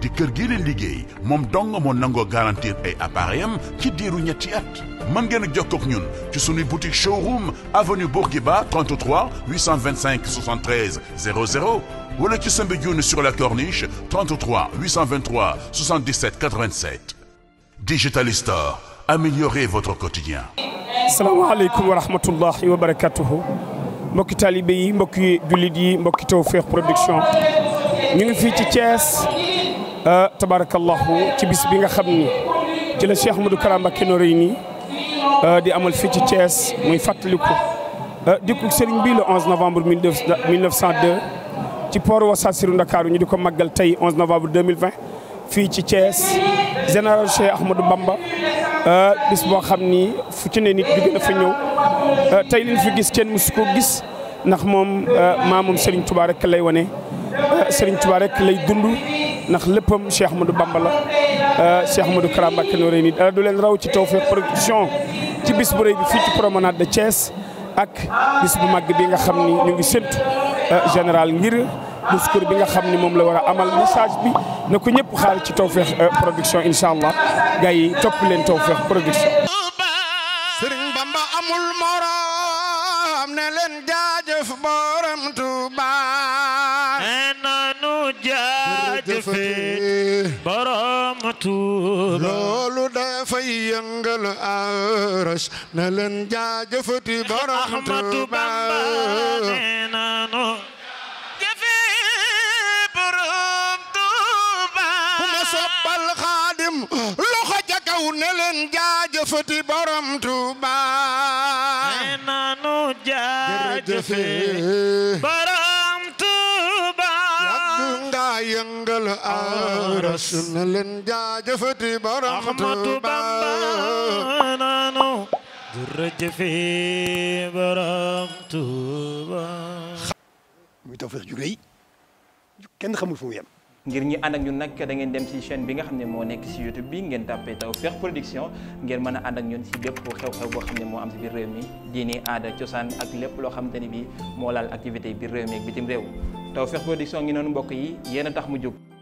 di kër gi leen liggéey moom dong moo nangoo garantir ay appareil am ci diiru ñetti at mën ngeen a jokkoo ak ñun ci suñuy boutique showroom avenue Bourguiba 33 825 73 00 wala ci Soumbédioune sur la corniche 33 823 77 87 Digital Store améliorez votre quotidien salaamaaleykum wa rahmatullahi wa barakatuhu mbokki taalibe yi mbokki jullit yi mbokki Tawfekh Production ñu ngi fii ci Thiès Euh, tabarakallahu ci bis bi nga xam ni ci la Cheikh Ahmadou Kara Mbacké Noreyni euh, di amal fii ci Thiès muy fàttaliku euh, dikku sëriñ bi le 11 novembre 1902 ci port Wassassiru Ndakaaru ñu di ko màggal tey 11 novembre 2020 fii ci Thiès général Cheikh Ahmadou Bamba bis boo xam ni fu ci ne nit na fa ñëw tey liñ fi gis kenn musu ko gis ndax moom maamam Serigne Touba rek lay wane Serigne Touba rek lay dund ndax léppam Cheikh Ahmadou Bamba la euh, Cheikh Ahmadou Kara Mbacké Noreyni euh, dara leen raw ci Tawfekh Production ci bis bi fii ci promenade de Thiès ak bis bu mag bi nga xam ni ñu ngi séntu euh, général ngir discours bi nga xam ni moom la war a amal message bi na ko ñëpp xaar ci Tawfekh Production incha allah gars yi topp leen Tawfekh Production. Serigne jaajëf loolu dafay yëngal aras na leen jaajëfati borom tuuba loxo ja kaw ne leen jaajëfati borom tuuba nanu jaajëfe la aras na leen jaajëfati borom Ahmadu Bamba naanu jërëjëfi borom Tuuba muy Tawfekh ju rëy kenn xamul fu mu ngir ñi ànd ak ñun nag da ngeen dem ci chaîne bi nga xam ne moo nekk ci YouTube bi ngeen tàppee Tawfekh Production ngeen mën a ànd ak ñun ci lépp xew-xew boo xam ne moo am ci biir réew mi diini aada cosaan ak lépp loo xamante ni bi moo laal activité biir réew mi ak bitim réew Tawfekh Production ngi noonu mbokk yi yéen tax mu jóg